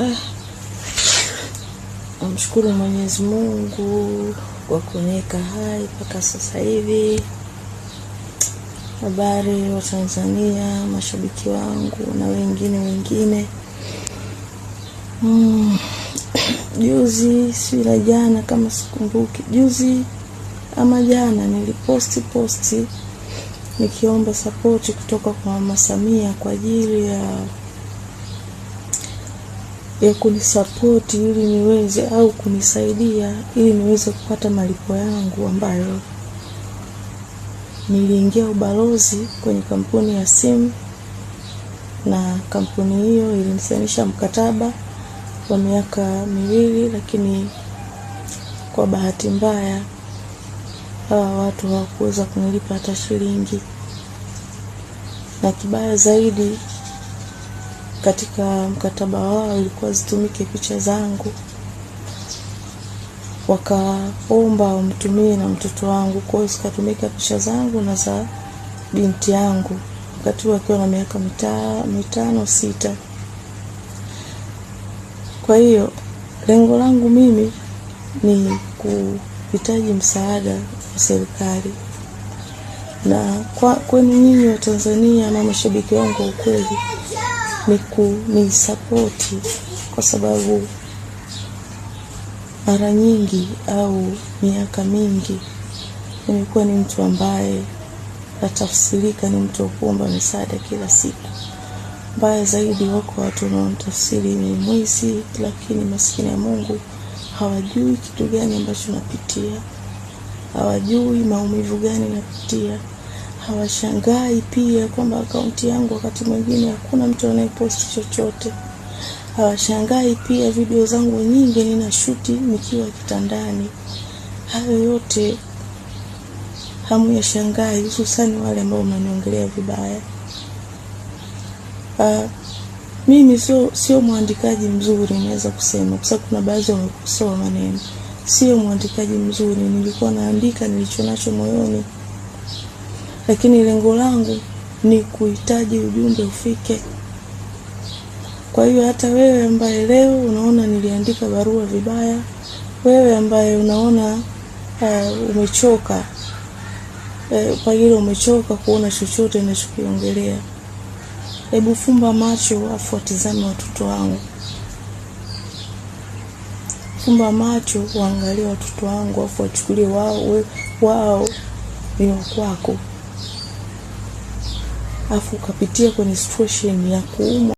Ah. Namshukuru Mwenyezi Mungu kwa kuniweka hai mpaka sasa hivi. Habari wa Tanzania, mashabiki wangu na wengine wengine. Mm. Juzi si la jana, kama sikumbuki, juzi ama jana niliposti posti nikiomba sapoti kutoka kwa Mama Samia kwa ajili ya ya kunisapoti ili niweze au kunisaidia ili niweze kupata malipo yangu ambayo niliingia ubalozi kwenye kampuni ya simu na kampuni hiyo ilinisainisha mkataba wa miaka miwili, lakini kwa bahati mbaya hawa watu hawakuweza kunilipa hata shilingi, na kibaya zaidi katika mkataba wao ilikuwa zitumike picha zangu wakaomba wamtumie na mtoto wangu hiyo zikatumika picha zangu na za binti yangu wakati wakiwa akiwa na miaka mitano, mitano sita kwa hiyo lengo langu mimi ni kuhitaji msaada wa serikali na kwa kwenu nyinyi wa Tanzania na mashabiki wangu wa ukweli ni kunisapoti kwa sababu mara nyingi au miaka mingi nimekuwa ni mtu ambaye natafsirika ni mtu wa kuomba misaada kila siku. Mbaya zaidi, wako watu wanaonitafsiri ni mwizi, lakini maskini ya Mungu hawajui kitu gani ambacho napitia, hawajui maumivu gani napitia. Hawashangai pia kwamba akaunti yangu wakati mwingine hakuna mtu anayeposti chochote. Hawashangai pia video zangu nyingi ninashuti nikiwa kitandani. Hayo yote shangai hususani wale ambao mnaniongelea vibaya. Uh, mimi sio sio mwandikaji mzuri naweza kusema, kwa sababu kuna baadhi wamekosoa maneno. Sio mwandikaji mzuri, nilikuwa naandika nilichonacho moyoni lakini lengo langu ni kuhitaji ujumbe ufike. Kwa hiyo hata wewe ambaye leo unaona niliandika barua vibaya, wewe ambaye unaona uh, umechoka uh, eh, pengine umechoka kuona chochote ninachokiongelea, hebu fumba macho afu watizame watoto wangu, fumba macho waangalie watoto wangu afu wachukulie wao wao ni wakwako afu ukapitia kwenye situation ya kuumwa